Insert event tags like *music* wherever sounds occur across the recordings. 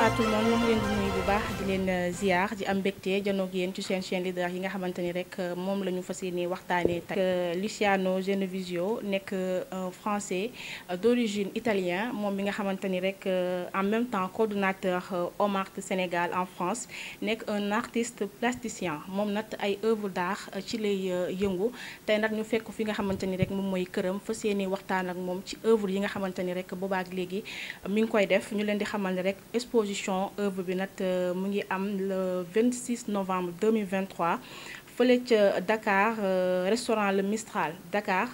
à tout le monde ñu ngi leen baax di leen euh, ziar di am mbégte janoog yéen ci seen chaîne leader yi nga xamante ni rek euh, moom la ñu fas yéene waxtaanee tey euh, Luciano Genovesio nekk un français d'origine italien moom mi nga xamante ni rek en même temps coordonnateur Omart Sénégal en France nekk un artiste plasticien moom nag ay œuvre d'art ci lay yëngu tey nag ñu fekk fi nga xamante ni rek moom mooy këram fas yéene waxtaan ak moom ci œuvre yi nga xamante ni rek bobaak léegi mu ngi koy def ñu leen di xamal mu ngi am le 26 novembre 2023 fële ca Dakar euh, restaurant Le Mistral Dakar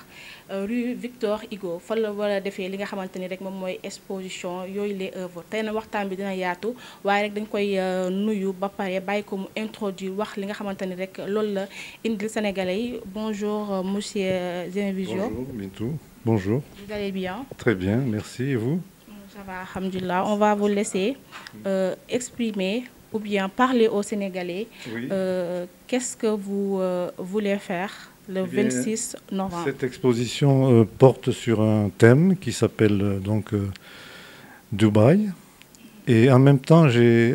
euh, rue Victor Hugo fa la war defee li nga xamante ni rek moom mooy exposition yooyu les œuvres tey na waxtaan bi dina yaatu waaye rek dañ koy euh, nuyu ba pare bàyyi ko mu introduire wax li nga xamante ni rek loolu la indil sénégalais yi bonjour monsieur Dieynaba bonjour très bien merci et vous. Ça va, Alhamdulillah. On va vous laisser euh, exprimer ou bien parler aux Sénégalais. Oui. Euh, Qu'est-ce que vous euh, voulez faire le eh bien, 26 novembre Cette euh, porte sur un thème qui euh, donc euh, Dubaï. en même temps, j'ai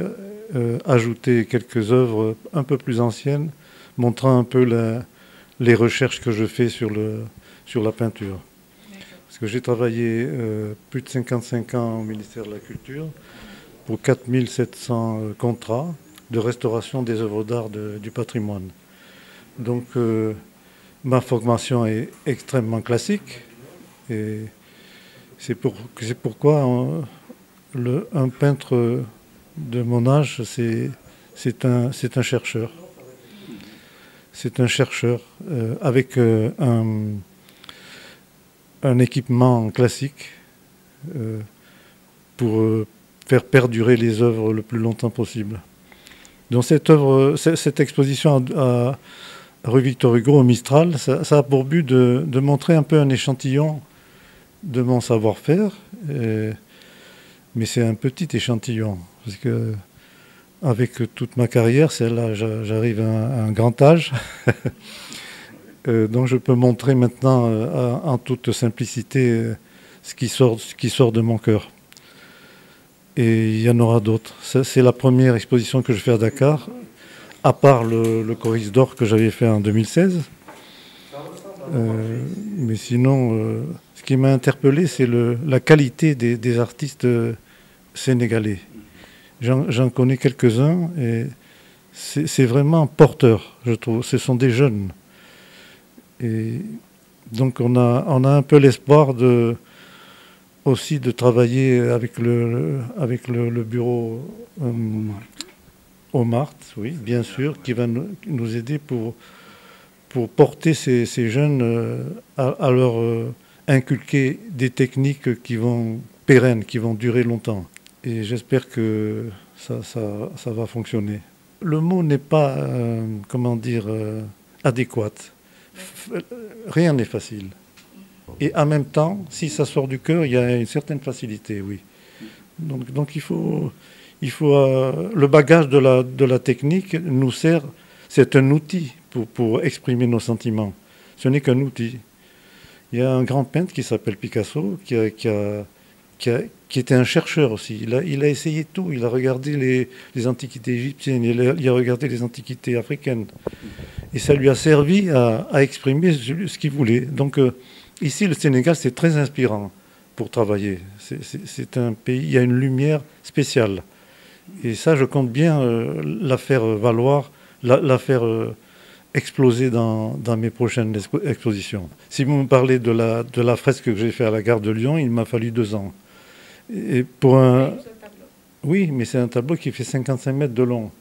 ajouté quelques œuvres un peu plus anciennes les recherches que sur, le, sur la peinture. Parce que j'ai travaillé euh, plus de 55 ans au ministère de la Culture pour 4700 euh, contrats de restauration des œuvres d'art de, du patrimoine. Donc euh, ma formation est extrêmement classique et c'est pour, pourquoi euh, le, un peintre de mon âge, c'est un, un chercheur. C'est un chercheur euh, avec euh, un un équipement classique euh, pour euh, faire perdurer les œuvres le plus longtemps possible. Donc cette, œuvre, cette exposition à, à rue Victor Hugo au Mistral, ça, ça a pour but de, de, montrer un peu un échantillon de mon savoir-faire, mais c'est un petit échantillon parce que avec toute ma carrière, celle-là, j'arrive à un grand âge. *laughs* euh, donc je peux montrer maintenant euh, en toute simplicité euh, ce, qui sort, ce qui sort de mon cœur. Et il y en aura d'autres. C'est la première exposition que je fais à Dakar, à part le, le Coris d'or que j'avais fait en 2016. Euh, mais sinon, euh, ce qui m'a interpellé, c'est la qualité des, des artistes euh, sénégalais. J'en connais quelques-uns et c'est vraiment porteur, je trouve. Ce sont des jeunes Et donc on a, on a un peu l'espoir de, aussi de travailler avec le, avec le, le bureau euh, au Mart, oui, bien sûr, qui va nous, nous aider pour, pour porter ces, ces jeunes euh, à, à, leur euh, inculquer des techniques qui vont pérennes, qui vont durer longtemps. Et j'espère que ça, ça, ça, va fonctionner. Le mot n'est pas, euh, comment dire, euh, adéquat. rien n'est facile. Et en même temps, si ça sort du cœur, il y a une certaine facilité, oui. Donc, donc il faut, il faut euh, le bagage de la, de la technique nous sert, c'est un outil pour, pour exprimer nos sentiments. Ce n'est qu'un outil. Il y a un grand peintre qui s'appelle Picasso qui a, qui a qui, a, qui, était un chercheur aussi. Il a, il a essayé tout. Il a regardé les, les antiquités égyptiennes, il a, il a, regardé les antiquités africaines. Et ça lui a servi à, à exprimer ce qu'il voulait. Donc euh, ici, le Sénégal, c'est très inspirant pour travailler. C'est un pays, il y a une lumière spéciale. Et ça, je compte bien euh, la faire valoir, la, la faire euh, exploser dans, dans, mes prochaines expo expositions. Si vous me parlez de la, de la fresque que j'ai faite à la gare de Lyon, il m'a fallu deux ans. Et pour un... Oui, mais c'est un tableau qui fait de long.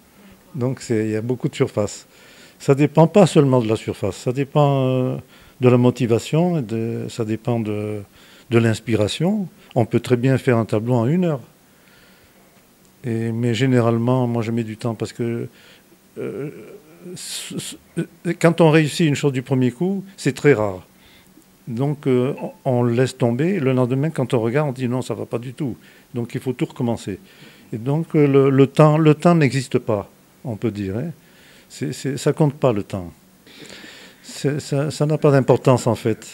Donc il y a beaucoup de surface. Ça dépend pas seulement de la surface, ça dépend euh, de la motivation, de, ça dépend de, de l'inspiration. On peut très bien faire un tableau généralement, moi je mets parce que euh, euh, quand on réussit une chose Donc euh, on laisse tomber. Le lendemain, quand on regarde, on dit non, ça va pas du tout. Donc il faut tout recommencer. Et donc euh, le, le temps, le temps n'existe pas, on peut dire. Hein. C est, c est, ça compte pas le temps. Ça n'a pas d'importance en fait.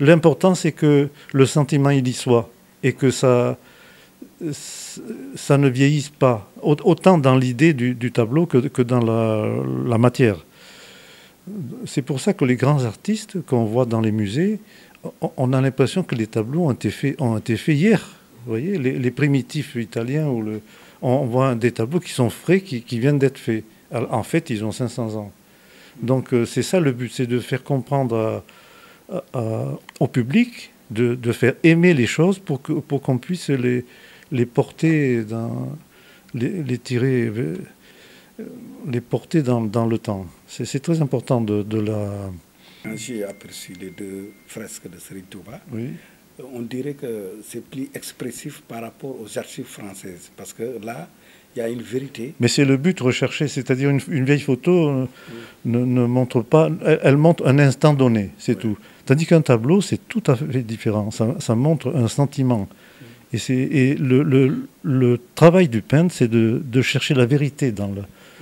L'important c'est que le sentiment il y soit et que ça, ça ne vieillisse pas, autant dans l'idée du, du, tableau que, que dans la, la matière. C'est pour ça que les grands artistes qu'on voit dans les musées, on a l'impression que les tableaux ont été faits, hier. les, primitifs italiens, où le, on voit des tableaux qui sont frais, qui, qui viennent d'être faits. En fait, ils ont 500 ans. Donc euh, c'est ça le but, c'est de faire comprendre à, au public, de, de, faire aimer les choses pour qu'on pour qu puisse les, les porter, dans, les tirer les porter dans, dans le temps. C'est très important de, de la... J'ai aperçu les deux fresques de Sri Touba. Oui. Euh, on dirait que c'est plus expressif par rapport aux archives françaises, parce que là, il y a une vérité. Mais c'est le but recherché, c'est-à-dire une, une, vieille photo euh, oui. ne, ne, montre pas, elle, elle, montre un instant donné, c'est oui. tout. Tandis qu'un tableau, c'est tout à fait différent, ça, ça montre un sentiment. Et, et le, le, le, travail du peintre, c'est de, de, chercher la vérité dans le,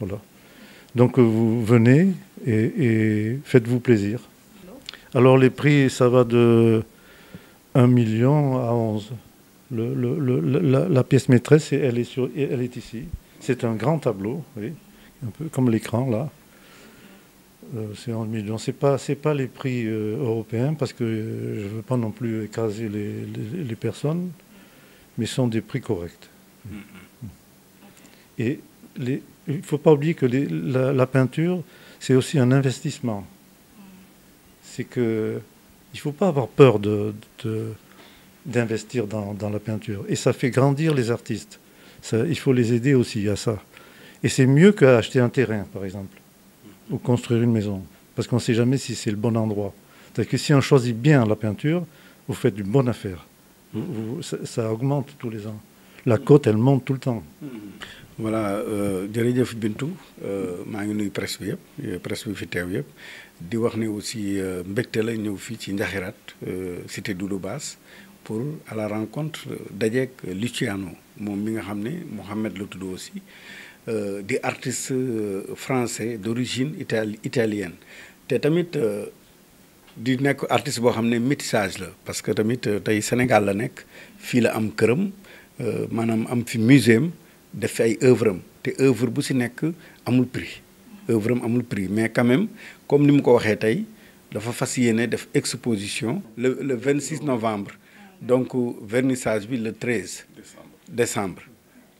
Voilà. Donc euh, vous venez et, et faites-vous plaisir. Alors les prix, ça va de 1 million à 11. Le, le, le, la, la, pièce maîtresse, elle est, sur, elle est ici. C'est un grand tableau, oui, un peu comme l'écran là. Euh, c'est 11 millions. Ce n'est pas, pas les prix euh, européens parce que euh, je ne veux pas non plus écraser les, les, les personnes, mais ce sont des prix corrects. Mm -hmm. Et les, il ne faut pas oublier que les, la, la, peinture, c'est aussi un investissement. C'est que il ne faut pas avoir peur de, de, d'investir dans, dans, la peinture. Et ça fait grandir les artistes. Ça, il faut les aider aussi à ça. Et c'est mieux qu'à acheter un terrain, par exemple, ou construire une maison. Parce qu'on ne sait jamais si c'est le bon endroit. C'est-à-dire que si on choisit bien la peinture, vous faites une bonne affaire. Vous, vous, ça, ça augmente tous les ans. la côte elle monte tout le temps. Hmm. Euh, jërëjëf Bintu euh, maa ngi nuyu presse yëpp euh, presse bi fi yëpp di wax ni aussi mbégte la ñëw fii ci Njaxiraat cité Doudou Bass pour à la rencontre dajeeg Luciano moom mi nga xam ne Mohamed la tudd aussi di artiste français d'origine itali italienne te tamit di nekk artiste boo xam ne métissage la parce que tamit tey Sénégal la nekk fii la am këram. Euh, maanaam am fi muséum def fi ay œuvre am te œuvre bu si nekk amul prix œuvre amul prix mais quand même comme ni mu ko waxee tey dafa fas yéene def exposition le le 26 novembre donc vernissage bi le 13 décembre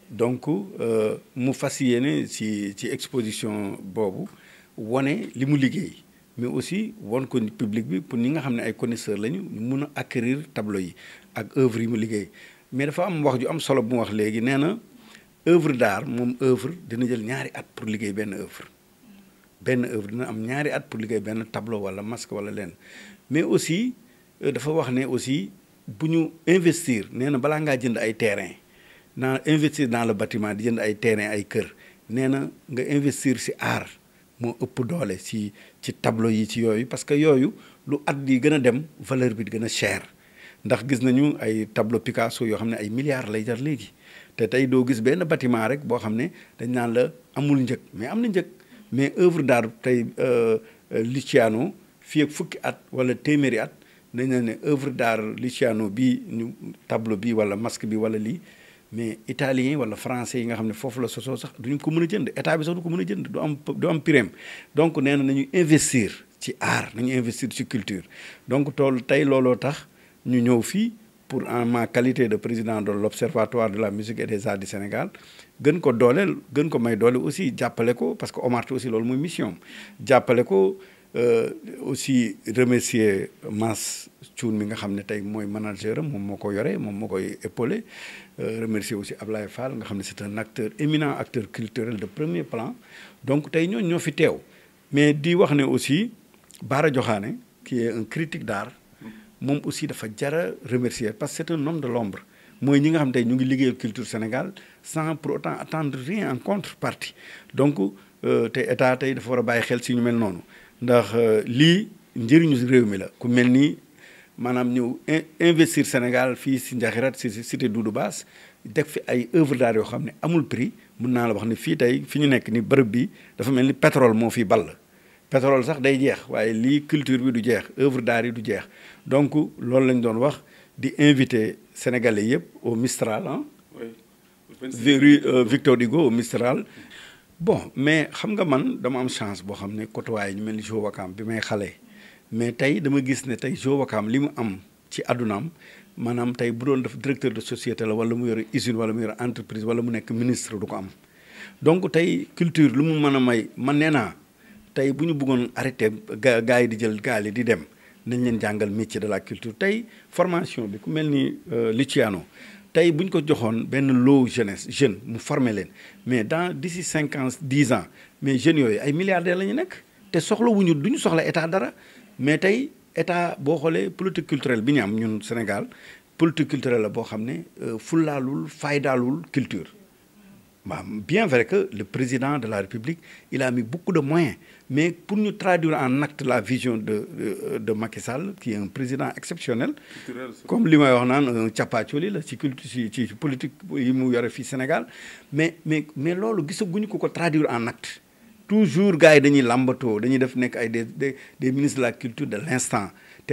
donc euh, mu fas yéene ci ci exposition boobu wane li mu liggéey mais aussi wan ko public bi pour ñi nga xam ne ay connaisseurs lañu ñu mun a acquérir tableau yi ak œuvre yi mu liggéey mais dafa am wax ju am solo bu mu wax léegi nee na œuvre d'art moom œuvre dina jël ñaari at pour liggéey benn œuvre benn œuvre dina am ñaari at pour liggéey benn tableau wala masque wala lenn mais aussi euh, dafa wax ne aussi bu ñu investir nee na balaa ngaa jënd ay terrain naa investir dans le batiment di jënd ay terrain ay kër nee na nga investir si art moo ëpp doole si ci tableau yi ci yooyu parce que yooyu lu at di gën a dem valeur bi di gën a cher ndax gis nañu ay tableau Picasso yoo xam ne ay milliards lay jar léegi te tey doo gis benn bâtiment rek boo xam ne dañ naan la amul njëg mais am na njëg mais œuvre d'art tey euh, euh, Luciano fii ak fukki at wala téeméeri at dañ naan ne œuvre d'art Luciano bi ñu tableau bi wala masque bi wala lii mais italien wala français yi nga xam ne foofu la sosoo sax duñu ko mën a jënd état bi sax du ko mën a jënd du am du prime donc nee na nañu investir ci art nañu investir ci culture donc tool tey looloo tax ñu ñëw fii pour en ma qualité de président de l'observatoire de la musique et des arts Sénégal gën ko dooleel gën ko may doole aussi jàppale ko parce que Omar Ty aussi loolu muy mission jàppale ko euh, aussi remercier Mass Thioune mi nga xam ne tey mooy manager am moom moo ko yore moom moo koy épaulé euh, remercier aussi Ablaye Fall nga xam ne c'est un acteur éminent acteur culturel de premier plan donc tey ñooñu ñoo fi teew mais di wax ne aussi Bara joxaane qui critique d'art moom aussi dafa jara remercier parce que c'est un de l'ombre mooy ñi nga xam tey ñu ngi liggéeyal culture Sénégal sans pour autant attendre rien en contre contrepartie donc euh, te état tey dafa war a bàyyi xel si ñu mel noonu ndax euh, lii njëriñu réew mi la ku mel ni maanaam ñëw investir Sénégal fii si Ndiakhirat si du Doudou Bass def fi ay œuvre d'art yoo xam ne amul prix mun naa la wax ne fii tey fi ñu nekk nii bërëb bi dafa mel ni pétrole moo fii bal la pétrole sax day jeex waaye lii culture bi du jeex euvre d'art yi du jeex donc loolu lañ doon wax di invité sénégalais yëpp au Mistral ah. oui euh, Victor Hugo au Mistral. bon mais xam nga man dama am chance boo xam ne côtoyé ñu mel ni Jo Wakam bi may xale mais tey dama gis ne tey Jo Wakam li mu am ci addunaam maanaam tey bu doon def directeur de société la wala mu yore usine wala mu yore entreprise wala mu nekk ministre du ko am donc tey culture lu mu mën a may man nee naa. tey bu ñu buggoon arrêté ga yi di jël gaal yi di dem nañ leen jàngal métier de la culture tey formation bi ku mel ni euh, Luciano tey bu ñu ko joxoon benn loo jeunesse jeune mu former leen mais dans d'ici cinquante ans dix ans mais jeunes yooyu ay milliardaires la ñu nekk te soxla ñu du ñu soxla état dara mais tey état boo xoolee politique culturelle bi ñu am ñun Sénégal politique culturelle la boo xam ne euh, fulaalul faydaalul culture bien vrai que le président de la République, il a mis beaucoup de moyens, mais pour nous traduire en acte la vision de, de, de Macky Sall, qui est un président exceptionnel, comme l'Ima Yornan, un tchapacholi, la politique du Sénégal, mais, mais, mais là, ko traduire en acte. Toujours, gars, ils lambato, ils des, des, des ministres de la culture de l'instant.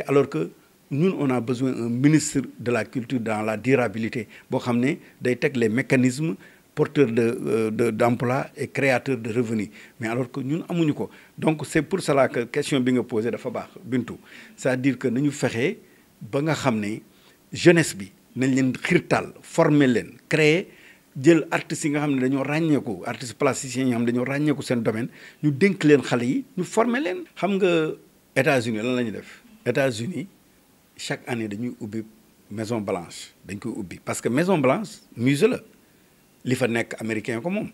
Alors que nous, on a besoin un ministre de la culture dans la durabilité, ne day les mécanismes porteur de euh, de d'emploi et créateur de revenus mais alors que ñun amuñu ko donc c'est pour cela que question bi nga posé dafa baax Bintu c'est-à-dire que nañu fexee ba nga xam ne jeunesse bi nañ leen xirtal former leen créer jël artistes yi nga xam ne dañoo ràññeeku artistes plasticiens yi nga xam ne dañoo ràññeeku seen domaine ñu dénk leen xale yi ñu former leen. xam nga États-Unis la ñuy def États-Unis chaque année dañuy ubbi Maison Blanche dañ koy ubbi parce que Maison Blanche musée li fa nekk américain ko moom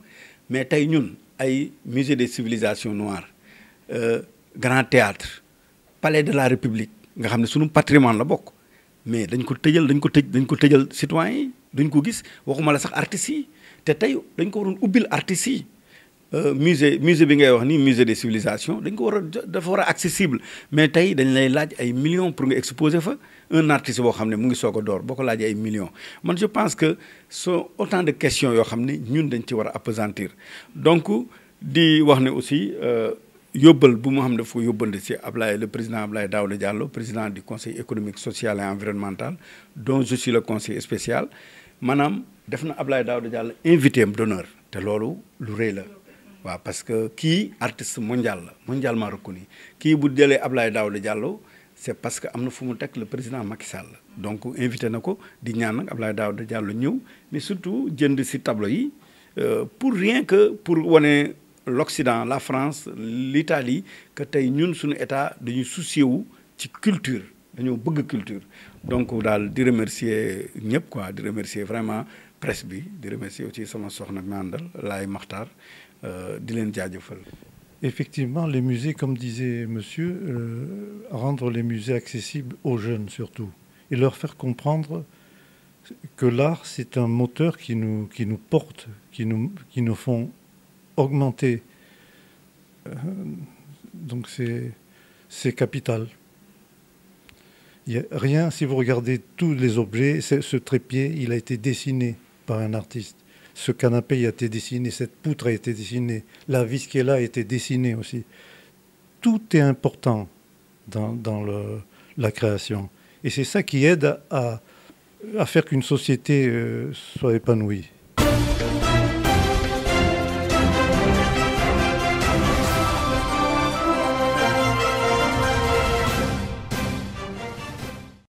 mais tey ñun ay musée des civilisations noires euh, grand théâtre palais de la république nga xam ne sunu patrimoine la bokk mais dañ ko tëjël dañ ko tëj dañ ko tëjal citoyens yi ko gis waxuma la sax artistes yi te tey dañ ko waroon ubbil artistes yi Euh, musée musée bi ngay wax ni musée de civilisations dañ ko war a dafa war a accessible mais tey dañ lay laaj ay millions pour nga exposer fa un boo xam ne mu ngi soog door boo ko laajee ay millions man je pense que sont autant de question yoo xam ne ñun dañ ci war a appesantir donc di wax ne aussi euh, yobbal bu mu xam ne daf ko yóbbande si Ablaye le président daaw Daouda Diallo président du conseil économique social et environnemental dont je suis le conseiller spécial maanaam def na Ablaye Daouda Diallo invité am d'honneur te loolu lu rëy la waaw parce que kii artiste mondial la mondialement reconnu kii bu jëlee Ablaye daaw Diallo c' est parce que am na fu mu teg le président Macky Sall donc invité na ko di ñaan nag daaw Daouda Diallo ñëw mais surtout jënd si tableau yi euh, pour rien que pour wane l' la France l' Italie que tey ñun suñu état dañuy soucier wu ci culture dañoo bëgg culture donc daal di remercier ñëpp quoi di remercier vraiment. presse bi di aussi sama soxna mi àndal Laay Maxtaar euh, di leen jaajëfal. Effectivement, les musées, comme disait monsieur, euh, rendre les musées accessibles aux jeunes surtout, et leur faire comprendre que l'art, c'est un moteur qui nous, porte, qui nous, augmenter. Euh, donc c'est, c'est Y a rien, si vous regardez tous les objets, ce trépied, il a été dessiné. par un artiste. Ce canapé a été dessiné, cette poutre a été dessinée, la vis qui est là a été dessinée aussi. Tout est important dans, dans le, la création. Et c'est ça qui aide à, à faire qu'une société euh, soit épanouie.